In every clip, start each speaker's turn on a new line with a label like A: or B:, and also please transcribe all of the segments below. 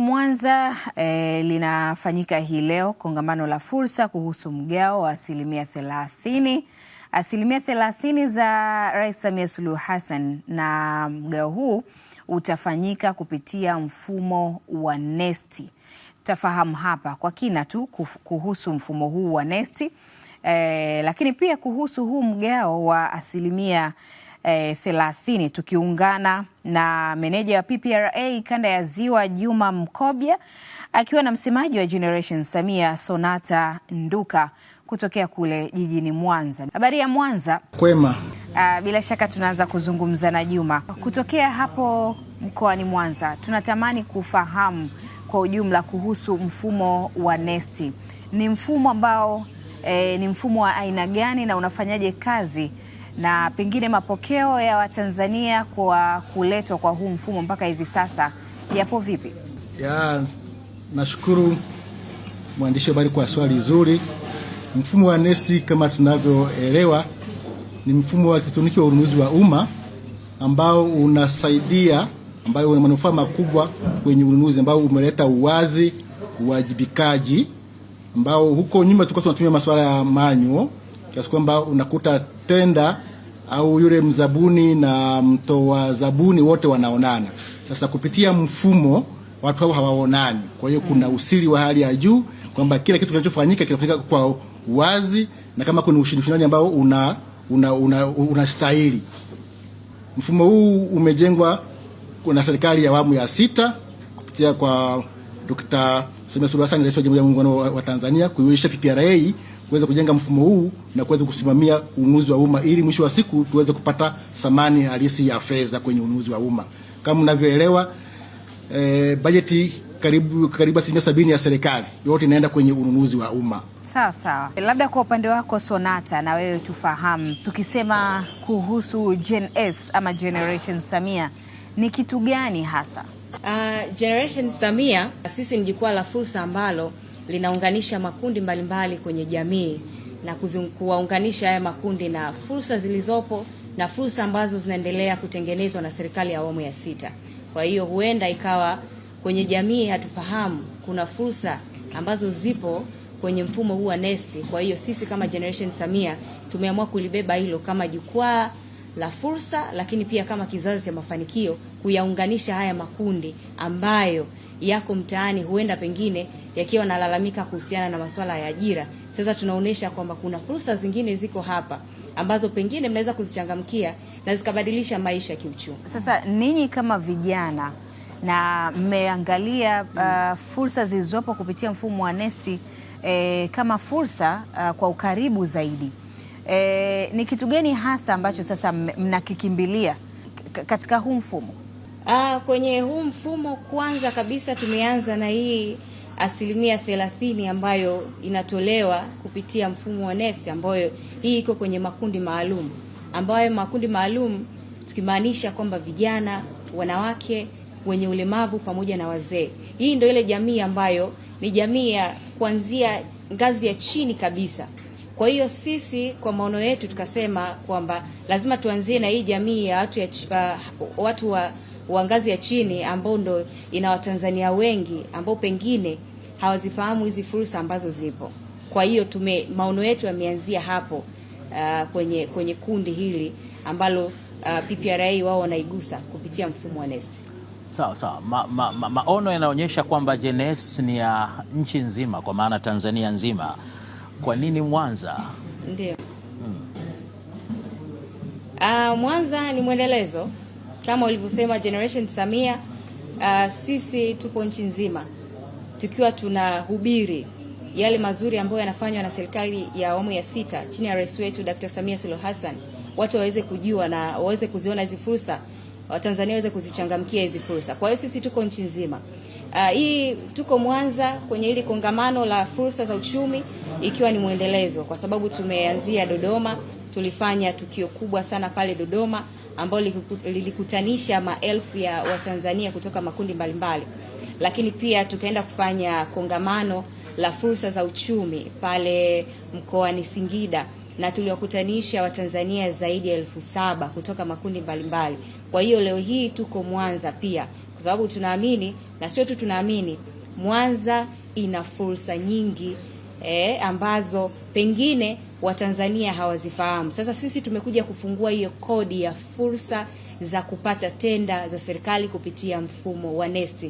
A: Mwanza eh, linafanyika hii leo kongamano la fursa kuhusu mgao wa asilimia thelathini asilimia thelathini za Rais Samia Suluhu Hassan, na mgao huu utafanyika kupitia mfumo wa nesti Tafahamu hapa kwa kina tu kuhusu mfumo huu wa nesti eh, lakini pia kuhusu huu mgao wa asilimia eh, thelathini tukiungana na meneja wa PPRA kanda ya Ziwa Juma Mkobya akiwa na msemaji wa Generation Samia Sonata Nduka kutokea kule jijini Mwanza. Habari ya Mwanza? Kwema. Uh, bila shaka tunaanza kuzungumza na Juma kutokea hapo mkoani Mwanza. Tunatamani kufahamu kwa ujumla kuhusu mfumo wa NeST. Ni mfumo ambao e, ni mfumo wa aina gani na unafanyaje kazi na pengine mapokeo ya Watanzania kwa kuletwa kwa huu mfumo mpaka hivi sasa yapo vipi?
B: Ya, nashukuru mwandishi habari kwa swali zuri. Mfumo wa NeST kama tunavyoelewa ni mfumo wa kitroniki wa ununuzi wa umma ambao unasaidia, ambayo una manufaa makubwa kwenye ununuzi, ambao umeleta uwazi, uwajibikaji ambao huko nyuma tulikuwa tunatumia masuala ya manyo kiasi kwamba unakuta tenda au yule mzabuni na mtoa zabuni wote wanaonana. Sasa kupitia mfumo watu hao hawaonani, kwa hiyo kuna mm. usiri wa hali ya juu kwamba kila kitu kinachofanyika kinafanyika kwa wazi na kama kuna ushindani ambao una unastahili una, mfumo huu umejengwa kuna serikali ya awamu ya sita kupitia kwa Dr. Samia Suluhu Hassan, Rais wa Jamhuri ya Muungano wa Tanzania, kuiwezesha PPRA kuweza kujenga mfumo huu na kuweza kusimamia ununuzi wa umma ili mwisho wa siku tuweze kupata thamani halisi ya fedha kwenye ununuzi wa umma. Kama mnavyoelewa, eh, bajeti karibu karibu asilimia sabini ya serikali yote inaenda kwenye ununuzi wa umma.
A: Sawa sawa, labda kwa upande wako Sonata, na wewe tufahamu, tukisema kuhusu Gen S ama Generation Samia ni kitu gani hasa?
C: Uh, Generation Samia sisi ni jukwaa la fursa ambalo linaunganisha makundi mbalimbali mbali kwenye jamii na kuwaunganisha haya makundi na fursa zilizopo na fursa ambazo zinaendelea kutengenezwa na serikali ya awamu ya sita. Kwa hiyo huenda ikawa kwenye jamii hatufahamu kuna fursa ambazo zipo kwenye mfumo huu wa NeST. Kwa hiyo sisi kama Generation Samia tumeamua kulibeba hilo kama jukwaa la fursa, lakini pia kama kizazi cha mafanikio kuyaunganisha haya makundi ambayo yako mtaani, huenda pengine yakiwa nalalamika kuhusiana na masuala ya ajira. Sasa tunaonyesha kwamba kuna fursa zingine ziko hapa ambazo pengine mnaweza kuzichangamkia na zikabadilisha maisha kiuchumi.
A: Sasa ninyi kama vijana na mmeangalia uh, fursa zilizopo kupitia mfumo wa Nesti eh, kama fursa uh, kwa ukaribu zaidi eh, ni kitu gani hasa ambacho sasa mnakikimbilia katika huu mfumo?
C: Aa, ah, kwenye huu mfumo kwanza kabisa tumeanza na hii asilimia thelathini ambayo inatolewa kupitia mfumo wa NeST ambayo hii iko kwenye makundi maalum, ambayo makundi maalum tukimaanisha kwamba vijana, wanawake, wenye ulemavu pamoja na wazee. Hii ndio ile jamii ambayo ni jamii ya kuanzia ngazi ya chini kabisa. Kwa hiyo sisi kwa maono yetu tukasema kwamba lazima tuanzie na hii jamii ya watu ya, uh, watu wa wa ngazi ya chini ambao ndo ina Watanzania wengi ambao pengine hawazifahamu hizi fursa ambazo zipo. Kwa hiyo tume maono yetu yameanzia hapo uh, kwenye kwenye kundi hili ambalo uh, PPRA wao wanaigusa kupitia mfumo wa NeST.
D: Sawa sawa, ma, ma, ma, maono yanaonyesha kwamba GeNeST ni ya nchi nzima kwa maana Tanzania nzima. Kwa nini Mwanza?
C: Ndio. Hmm. Uh, Mwanza ni mwendelezo kama ulivyosema Generation Samia. Uh, sisi tupo nchi nzima tukiwa tunahubiri yale mazuri ambayo yanafanywa na serikali ya awamu ya sita chini ya rais wetu Dr. Samia Suluhu Hassan, watu waweze kujua na waweze kuziona hizi fursa, Watanzania waweze kuzichangamkia hizi fursa. Kwa hiyo sisi tuko nchi nzima. Uh, hii tuko Mwanza kwenye hili kongamano la fursa za uchumi, ikiwa ni mwendelezo kwa sababu tumeanzia Dodoma tulifanya tukio kubwa sana pale Dodoma ambalo lilikutanisha maelfu ya Watanzania kutoka makundi mbalimbali mbali. Lakini pia tukaenda kufanya kongamano la fursa za uchumi pale mkoani Singida na tuliwakutanisha Watanzania zaidi ya elfu saba kutoka makundi mbalimbali mbali. Kwa hiyo leo hii tuko Mwanza pia kwa sababu tunaamini na sio tu tunaamini, Mwanza ina fursa nyingi eh, ambazo pengine Watanzania hawazifahamu. Sasa sisi tumekuja kufungua hiyo kodi ya fursa za kupata tenda za serikali kupitia mfumo wa NeST.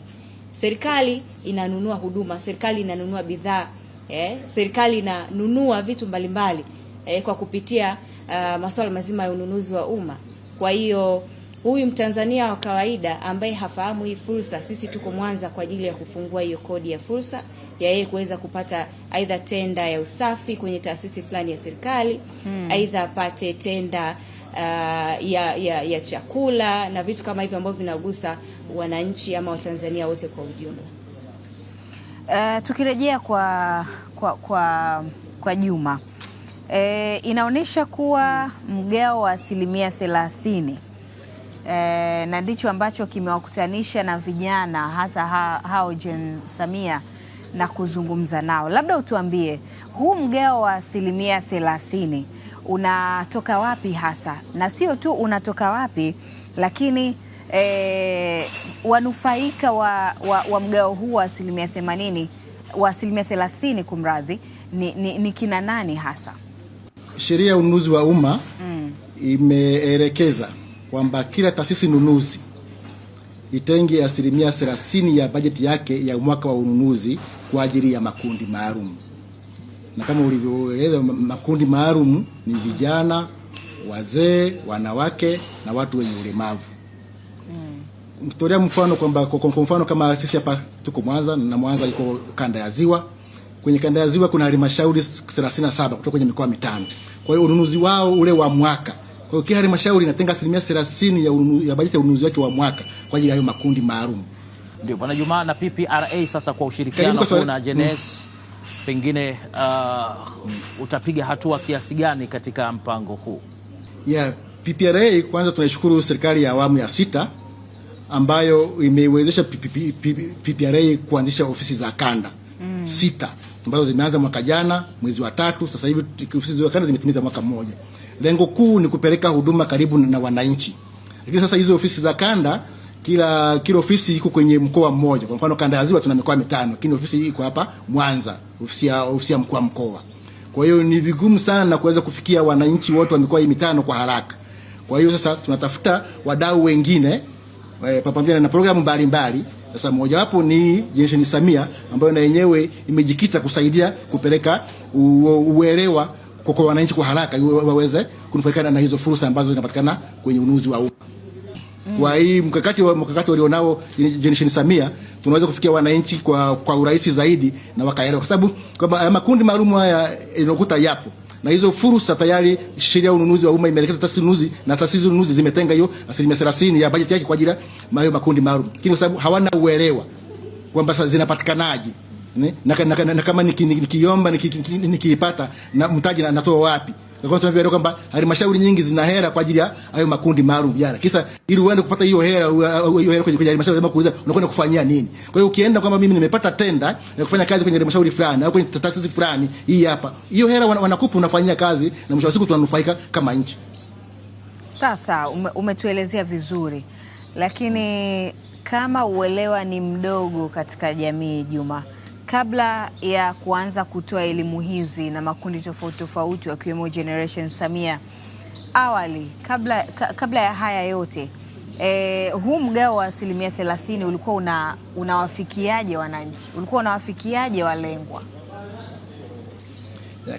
C: Serikali inanunua huduma, serikali inanunua bidhaa eh, serikali inanunua vitu mbalimbali mbali, eh, kwa kupitia uh, masuala mazima ya ununuzi wa umma. Kwa hiyo huyu Mtanzania wa kawaida ambaye hafahamu hii fursa, sisi tuko Mwanza kwa ajili ya kufungua hiyo kodi ya fursa ya yeye kuweza kupata aidha tenda ya usafi kwenye taasisi fulani ya serikali hmm, aidha apate tenda uh, ya, ya, ya chakula na vitu kama hivyo ambavyo vinagusa wananchi ama Watanzania wote kwa ujumla.
A: Uh, tukirejea kwa kwa kwa, kwa Juma, e, inaonyesha kuwa mgao wa asilimia thelathini e, na ndicho ambacho kimewakutanisha na vijana hasa ha, hao Gen Samia na kuzungumza nao. Labda utuambie huu mgao wa asilimia thelathini unatoka wapi hasa, na sio tu unatoka wapi, lakini e, wanufaika wa, wa, wa mgao huu wa asilimia themanini wa asilimia thelathini kumradhi ni, ni, ni kina nani hasa?
B: Sheria ya ununuzi wa umma mm, imeelekeza kwamba kila taasisi nunuzi itenge asilimia 30 ya bajeti yake ya mwaka wa ununuzi kwa ajili ya makundi maalum, na kama ulivyoeleza, makundi maalum ni vijana, wazee, wanawake na watu wenye ulemavu. Hmm. Mtolea mfano kwamba kwa mfano kama sisi hapa tuko Mwanza na Mwanza iko kanda ya Ziwa. Kwenye kanda ya Ziwa kuna halmashauri 37 kutoka kwenye mikoa mitano. Kwa hiyo ununuzi wao ule wa mwaka kwa hiyo kila halmashauri inatenga asilimia 30 ya, ya bajeti ya ununuzi wake wa mwaka kwa ajili ya hayo makundi maalum.
D: Ndio bwana Juma na PPRA sasa kwa ushirikiano kwa na mm. pengine uh, utapiga hatua kiasi gani katika mpango huu?
B: Yeah, PPRA kwanza tunaishukuru serikali ya awamu ya sita ambayo imeiwezesha PPRA kuanzisha ofisi za kanda mm, sita ambazo zimeanza mwaka jana mwezi wa tatu. Sasa hivi ofisi za kanda zimetimiza mwaka mmoja lengo kuu ni kupeleka huduma karibu na wananchi. Lakini sasa hizo ofisi za kanda, kila kila ofisi iko kwenye mkoa mmoja. Kwa mfano kanda ya Ziwa tuna mikoa mitano, lakini ofisi hii iko hapa Mwanza, ofisi ya ofisi ya mkuu wa mkoa. Kwa hiyo ni vigumu sana kuweza kufikia wananchi wote wa mikoa hii mitano kwa haraka. Kwa hiyo sasa tunatafuta wadau wengine eh, pamoja na programu mbalimbali. Sasa mmoja wapo ni Jensheni Samia ambayo na yenyewe imejikita kusaidia kupeleka uelewa kwa kwa wananchi kwa haraka waweze kunufaika na hizo fursa ambazo zinapatikana kwenye ununuzi wa umma. Kwa mm. hii mkakati wa mkakati walionao Generation Samia tunaweza kufikia wananchi kwa kwa urahisi zaidi na wakaelewa, kwa sababu kwamba eh, makundi maalum haya yanokuta yapo na hizo fursa tayari. Sheria ya ununuzi wa umma imeelekeza taasisi ununuzi na taasisi ununuzi zimetenga hiyo asilimia 30 ya bajeti yake kwa ajili ya makundi maalum, lakini kwa sababu hawana uelewa kwamba zinapatikanaje na kama nikiomba nikiipata na mtaji natoa wapi? Tunavyoelewa kwamba halmashauri nyingi zina hela kwa ajili ya hayo makundi maalum jana. Kisa ili uende kupata hiyo hela hiyo hela kwenye halmashauri lazima kuuliza unakwenda kufanyia nini. Kwa hiyo ukienda kwamba mimi nimepata tenda ya kufanya kazi kwenye halmashauri fulani au kwenye taasisi fulani, hii hapa hiyo hela wanakupa, unafanyia kazi na mwisho wa siku tunanufaika kama nchi.
A: Sasa umetuelezea vizuri, lakini kama uelewa ni mdogo katika jamii, Juma Kabla ya kuanza kutoa elimu hizi na makundi tofauti tofauti wakiwemo Generation Samia, awali kabla, kabla ya haya yote eh, huu mgao wa asilimia thelathini ulikuwa una, unawafikiaje wananchi? Ulikuwa unawafikiaje walengwa?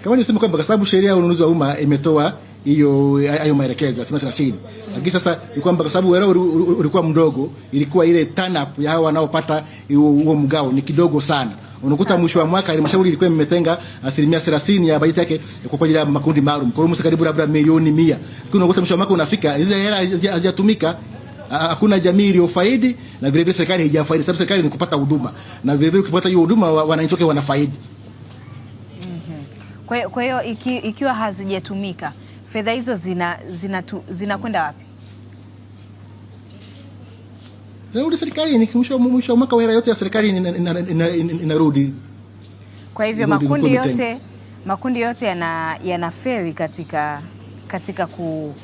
B: Kama nisema kwamba kwa sababu sheria ya ununuzi wa umma imetoa hiyo hayo maelekezo asilimia thelathini, lakini sasa ni kwamba kwa sababu wewe ulikuwa mdogo, ilikuwa ile turn up ya hao wanaopata huo mgao ni kidogo sana. Unakuta mwisho wa mwaka halmashauri ilikuwa imetenga asilimia 30 ya bajeti yake kwa ajili ya makundi maalum, kwa hiyo karibu labda milioni 100, lakini unakuta mwisho wa mwaka unafika, hizo hela hazijatumika hakuna jamii iliyofaidi na vile vile serikali haijafaidi, sababu serikali ni kupata huduma na vile vile ukipata hiyo huduma wananchi wake wanafaidi.
A: Mm-hmm. Kwa hiyo ikiwa hazijatumika fedha hizo zinakwenda zina wapi?
B: zinarudi serikalini, mwisho mwisho mwaka hela yote ya serikali inarudi ina, ina, ina, ina
A: kwa hivyo makundi yote, makundi yote yana yanaferi katika, katika, ku,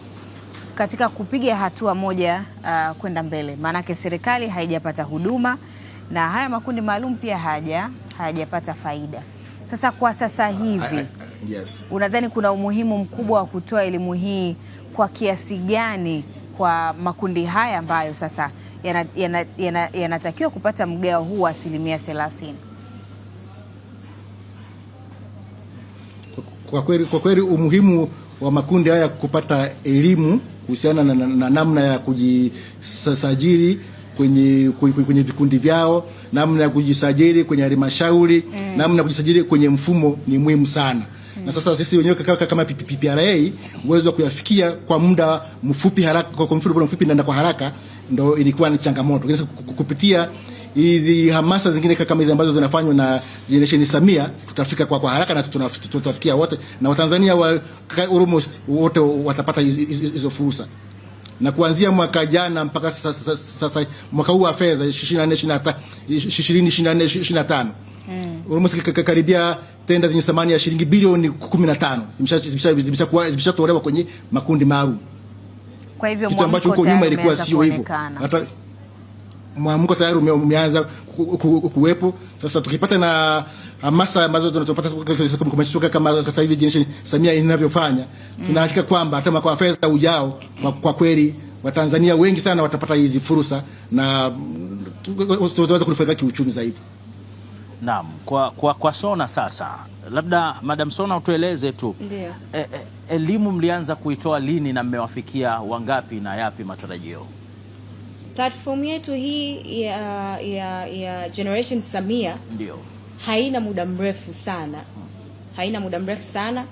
A: katika kupiga hatua moja uh, kwenda mbele, maanake serikali haijapata huduma na haya makundi maalum pia haja hayajapata faida. Sasa kwa sasa hivi uh, yes. Unadhani kuna umuhimu mkubwa wa kutoa elimu hii kwa kiasi gani kwa makundi haya ambayo sasa yanatakiwa yana, yana, yana kupata mgao huu wa asilimia thelathini.
B: Kwa kweli, kwa kweli umuhimu wa makundi haya kupata elimu kuhusiana na, na, na namna ya kujisajili kwenye kwenye vikundi vyao, namna ya kujisajili kwenye halmashauri mm. namna ya kujisajili kwenye mfumo ni muhimu sana mm. na sasa sisi wenyewe kama PPRA uwezo wa kuyafikia kwa muda mfupi haraka, kwa mfupi, na kwa haraka ndo ilikuwa ni changamoto kupitia hizi hamasa zingine kama hizi ambazo zinafanywa na Generation Samia, tutafika kwa, kwa haraka na tutafikia wote na Watanzania wa, almost wote watapata hizo fursa. Na kuanzia mwaka jana mpaka sasa, sasa sasa mwaka huu wa fedha 24 25 25 almost karibia tenda zenye thamani ya shilingi bilioni 15 zimeshatolewa kwenye makundi maalum.
A: Kwa hivyo kitu ambacho huko nyuma ilikuwa sio hivyo. Hata
B: mwamko tayari umeanza kuwepo. Sasa tukipata na hamasa ambazo tunazopata kama sasa hivi Generation Samia inavyofanya, tunahakika kwamba hata mwaka wa fedha ujao, kwa kweli Watanzania wengi sana watapata hizi fursa na mm, tutaweza kunufaika kiuchumi zaidi.
D: Naam, kwa, kwa, kwa Sona sasa, labda Madam Sona utueleze tu. Ndio. Eh, eh, elimu mlianza kuitoa lini na mmewafikia wangapi na yapi matarajio?
C: Platform yetu hii ya, ya, ya Generation Samia ndio haina muda mrefu sana, hmm. haina muda mrefu sana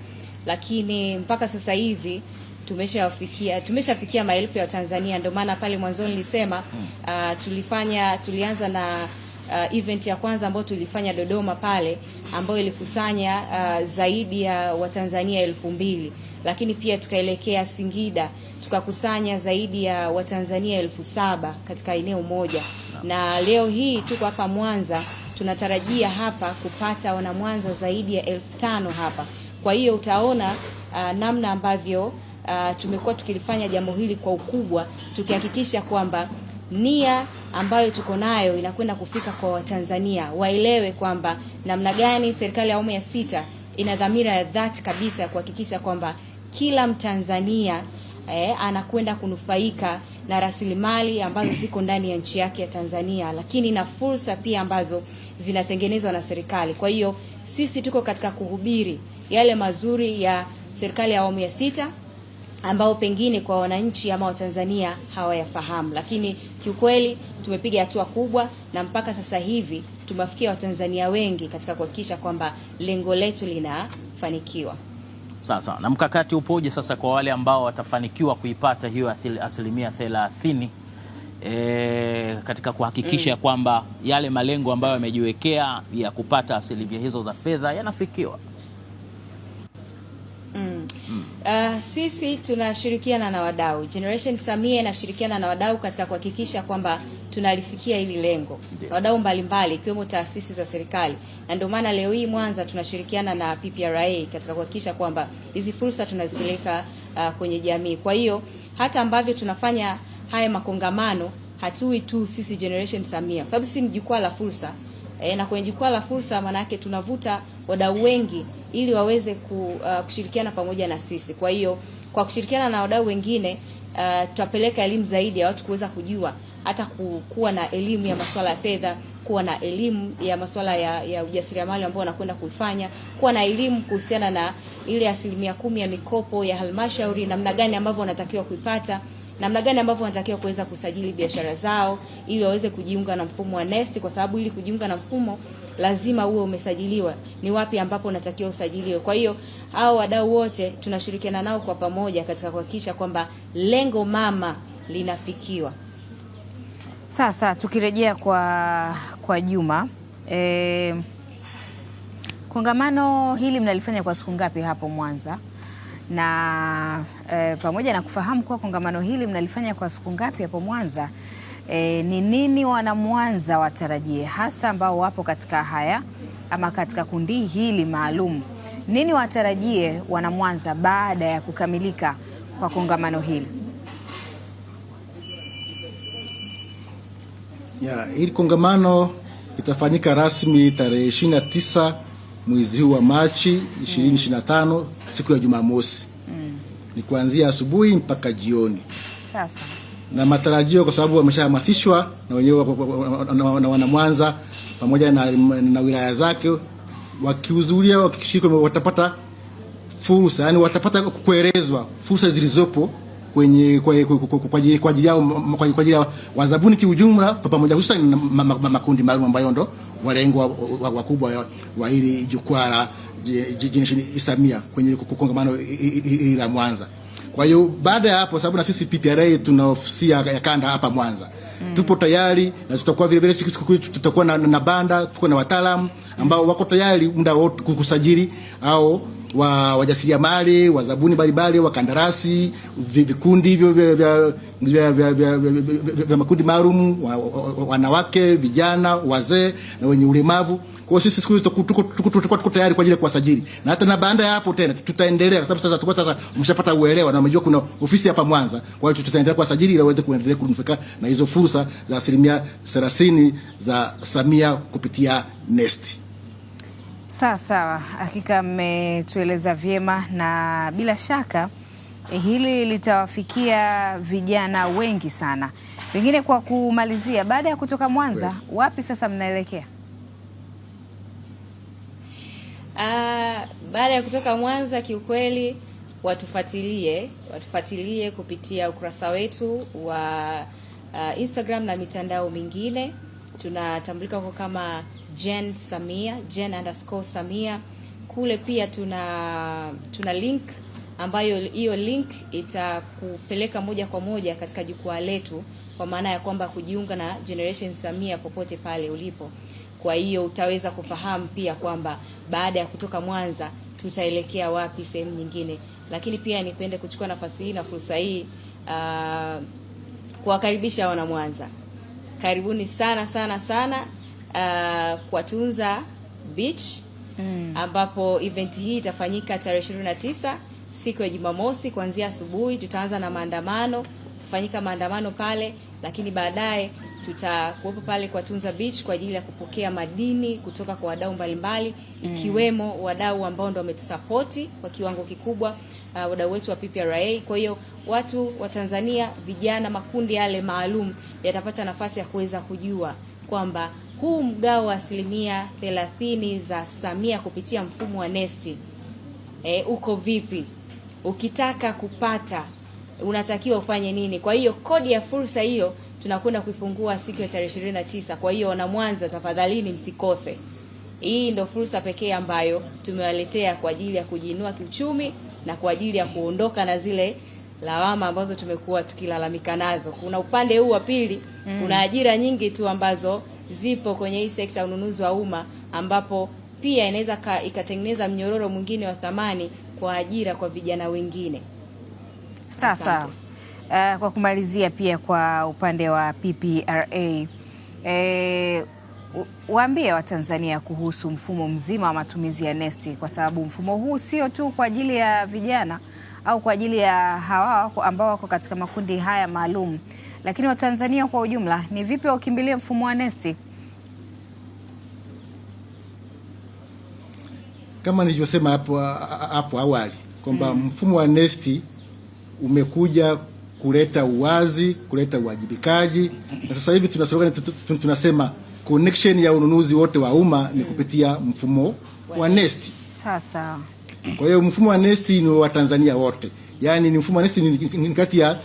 C: lakini mpaka sasa hivi tumeshafikia tumeshafikia maelfu ya Watanzania. Ndio maana pale mwanzoni nilisema hmm. uh, tulifanya tulianza na uh, event ya kwanza ambayo tulifanya Dodoma pale ambayo ilikusanya uh, zaidi ya Watanzania elfu mbili lakini pia tukaelekea Singida tukakusanya zaidi ya Watanzania elfu saba katika eneo moja, na leo hii tuko hapa Mwanza, tunatarajia hapa kupata wanamwanza zaidi ya elfu tano hapa. Kwa hiyo utaona uh, namna ambavyo uh, tumekuwa tukilifanya jambo hili kwa ukubwa, tukihakikisha kwamba nia ambayo tuko nayo inakwenda kufika kwa Watanzania, waelewe kwamba namna gani serikali ya awamu ya sita ina dhamira ya dhati kabisa ya kuhakikisha kwamba kila Mtanzania eh, anakwenda kunufaika na rasilimali ambazo ziko ndani ya nchi yake ya Tanzania, lakini na fursa pia ambazo zinatengenezwa na serikali. Kwa hiyo sisi tuko katika kuhubiri yale mazuri ya serikali ya awamu ya sita ambao pengine kwa wananchi ama Watanzania hawayafahamu, lakini kiukweli tumepiga hatua kubwa, na mpaka sasa hivi tumewafikia Watanzania wengi katika kuhakikisha kwamba lengo letu linafanikiwa.
D: Sawa sawa. Na mkakati upoje sasa kwa wale ambao watafanikiwa kuipata hiyo asilimia thelathini e, katika kuhakikisha mm, kwamba yale malengo ambayo yamejiwekea ya kupata asilimia hizo za fedha yanafikiwa?
C: Uh, sisi tunashirikiana na wadau. Generation Samia inashirikiana na wadau katika kuhakikisha kwamba tunalifikia hili lengo. Wadau mbalimbali ikiwemo taasisi za serikali. Na ndio maana leo hii Mwanza tunashirikiana na PPRA katika kuhakikisha kwamba hizi fursa tunazipeleka uh, kwenye jamii. Kwa hiyo hata ambavyo tunafanya haya makongamano hatui tu sisi Generation Samia. sababu sisi ni jukwaa la fursa. E, na kwenye jukwaa la fursa maana yake tunavuta wadau wengi ili waweze uh, kushirikiana pamoja na sisi. Kwa hiyo kwa kushirikiana na wadau wengine uh, tutapeleka elimu zaidi ya watu kuweza kujua hata kuwa na elimu ya masuala ya fedha, kuwa na elimu ya masuala ya, ya ujasiriamali ambao wanakwenda kuifanya, kuwa na elimu kuhusiana na ile asilimia kumi ya mikopo ya halmashauri, namna gani ambavyo wanatakiwa kuipata namna gani ambavyo wanatakiwa kuweza kusajili biashara zao ili waweze kujiunga na mfumo wa NeST, kwa sababu ili kujiunga na mfumo lazima uwe umesajiliwa, ni wapi ambapo unatakiwa usajiliwe. Kwa hiyo hao wadau wote tunashirikiana nao kwa pamoja katika kuhakikisha kwamba lengo mama linafikiwa.
A: Sasa tukirejea kwa kwa Juma e, kongamano hili mnalifanya kwa siku ngapi hapo Mwanza? na e, pamoja na kufahamu kuwa kongamano hili mnalifanya kwa siku ngapi hapo Mwanza E, ni nini wanamwanza watarajie hasa ambao wapo katika haya ama katika kundi hili maalum? Nini watarajie wanamwanza baada ya kukamilika kwa kongamano hili?
B: Ya, hili kongamano litafanyika rasmi tarehe 29 mwezi huu wa Machi 2025 mm. siku ya Jumamosi mm. ni kuanzia asubuhi mpaka jioni. Sasa na matarajio kwa sababu wameshahamasishwa na wenyewe na wana Mwanza pamoja na, na wilaya zake, wakihudhuria wakishiriki, watapata fursa yani, watapata kuelezwa fursa zilizopo kwenye kwa ajili yao kwa ajili ya wazabuni kiujumla, pamoja hususan makundi maalum ambayo ndo walengwa wakubwa wa hili jukwaa la Generation Samia kwenye kongamano la Mwanza. Kwa hiyo baada ya hapo, sababu na sisi PPRA tuna ofisi ya kanda hapa Mwanza mm. tupo tayari na tutakuwa vile vile siku tutakuwa na, na banda tuko na wataalamu ambao wako tayari muda wote kukusajili au wa wajasiriamali wazabuni mbalimbali wakandarasi vikundi hivyo vya makundi maalum wanawake, vijana, wazee na wenye ulemavu. Kwa sisi siku hizi tuko, tuko tayari kwa ajili ya kuwasajili, na hata na baada ya hapo tena tutaendelea, kwa sababu sasa tutakuwa sasa mshapata uelewa na umejua kuna ofisi hapa Mwanza. Kwa hiyo tutaendelea kuwasajili ili waweze kuendelea kunufaika na hizo fursa za asilimia 30 za Samia kupitia NEST.
A: Sawa sawa, hakika mmetueleza vyema na bila shaka eh, hili litawafikia vijana wengi sana. Pengine kwa kumalizia, baada ya kutoka Mwanza, wapi sasa mnaelekea?
C: Ah, baada ya kutoka Mwanza, kiukweli watufuatilie, watufuatilie kupitia ukurasa wetu wa uh, Instagram na mitandao mingine. Tunatambulika huko kama Jen Samia, Jen underscore Samia. Kule pia tuna tuna link ambayo hiyo link itakupeleka moja kwa moja katika jukwaa letu, kwa maana ya kwamba kujiunga na Generation Samia popote pale ulipo. Kwa hiyo utaweza kufahamu pia kwamba baada ya kutoka Mwanza tutaelekea wapi sehemu nyingine. Lakini pia nipende kuchukua nafasi hii na fursa hii uh, kuwakaribisha wana Mwanza, karibuni sana sana sana uh, ah, kwa Tunza Beach mm. ambapo event hii itafanyika tarehe 29 siku ya Jumamosi kuanzia asubuhi. Tutaanza na maandamano, tafanyika maandamano pale, lakini baadaye tutakuwepo pale kwa Tunza Beach kwa ajili ya kupokea madini kutoka kwa wadau mbalimbali mm. ikiwemo wadau ambao ndio wametusapoti kwa kiwango kikubwa uh, wadau wetu wa PPRA. Kwa hiyo watu wa Tanzania, vijana, makundi yale maalum yatapata nafasi ya kuweza kujua kwamba huu mgao wa asilimia thelathini za Samia kupitia mfumo wa nesti e, uko vipi? Ukitaka kupata unatakiwa ufanye nini? Kwa hiyo kodi ya fursa hiyo tunakwenda kuifungua siku ya tarehe ishirini na tisa. Kwa hiyo wana Mwanza, tafadhalini msikose. Hii ndio fursa pekee ambayo tumewaletea kwa ajili ya kujiinua kiuchumi na kwa ajili ya kuondoka na zile lawama ambazo tumekuwa tukilalamika nazo. Kuna upande huu wa pili, mm. kuna ajira nyingi tu ambazo zipo kwenye hii sekta ya ununuzi wa umma ambapo pia inaweza ikatengeneza mnyororo mwingine wa thamani kwa ajira kwa vijana wengine.
A: Sasa Uh, kwa kumalizia pia kwa upande wa PPRA e, eh, waambie Watanzania kuhusu mfumo mzima wa matumizi ya nesti, kwa sababu mfumo huu sio tu kwa ajili ya vijana au kwa ajili ya hawa ambao wako katika makundi haya maalum, lakini Watanzania kwa ujumla. Ni vipi wakimbilie mfumo wa nesti?
B: Kama nilivyosema hapo hapo awali kwamba mm, mfumo wa nesti umekuja kuleta uwazi, kuleta uwajibikaji, na sasa hivi tunasema, tunasema connection ya ununuzi wote wa umma ni kupitia mfumo wa NeST. Sasa kwa hiyo mfumo wa NeST ni wa Tanzania wote, yaani ni mfumo wa NeST ni kati ya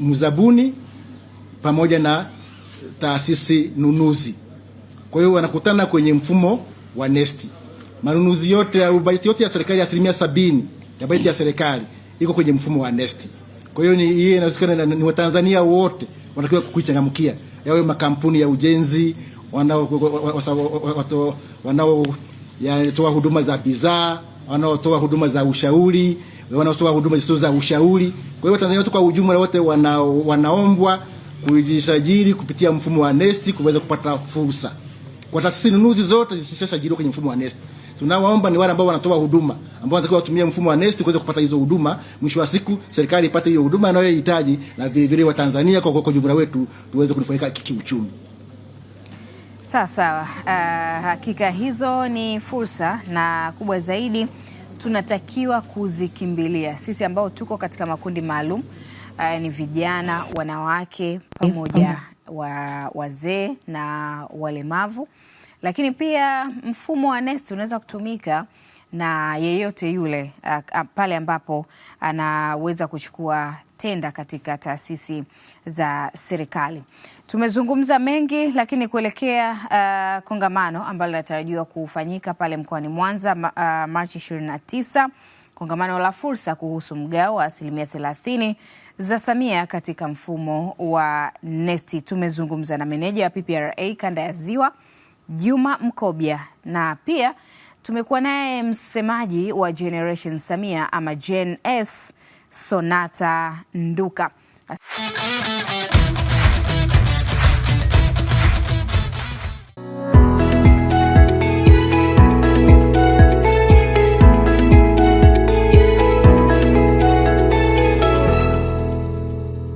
B: mzabuni pamoja na taasisi nunuzi. Kwa hiyo wanakutana kwenye mfumo wa NeST. Manunuzi yote au bajeti yote ya serikali, asilimia sabini ya bajeti ya serikali iko kwenye mfumo wa NeST. Kwa hiyo ni hii inahusikana ni Watanzania wote wanatakiwa kuichangamkia, yawe makampuni ya ujenzi wanao wanaotoa huduma za bidhaa, wanaotoa huduma za ushauri, wanaotoa huduma zisizo za ushauri. Kwa hiyo Watanzania wote kwa ujumla wote wana, wanaombwa kujisajili kupitia mfumo wa NeST kuweza kupata fursa. Kwa taasisi nunuzi zote zisishasajiliwa kwenye mfumo wa NeST. Tunawaomba ni wale ambao wanatoa huduma ambao wanatakiwa watumie mfumo wa NeST kuweza kupata hizo huduma, mwisho wa siku serikali ipate hiyo huduma anayohitaji, na vile vile Watanzania kwa, kwa jumla wetu tuweze kunufaika kiuchumi.
A: Sawa sawa. Uh, hakika hizo ni fursa na kubwa zaidi tunatakiwa kuzikimbilia sisi ambao tuko katika makundi maalum uh, ni vijana, wanawake pamoja wa wazee na walemavu. Lakini pia mfumo wa nesti unaweza kutumika na yeyote yule uh, pale ambapo anaweza kuchukua tenda katika taasisi za serikali. Tumezungumza mengi, lakini kuelekea uh, kongamano ambalo linatarajiwa kufanyika pale mkoani Mwanza uh, Machi 29 kongamano la fursa kuhusu mgao wa asilimia thelathini za Samia katika mfumo wa nesti. Tumezungumza na meneja wa PPRA kanda ya Ziwa Juma Mkobya na pia tumekuwa naye msemaji wa Generation Samia ama Gen S Sonata Nduka.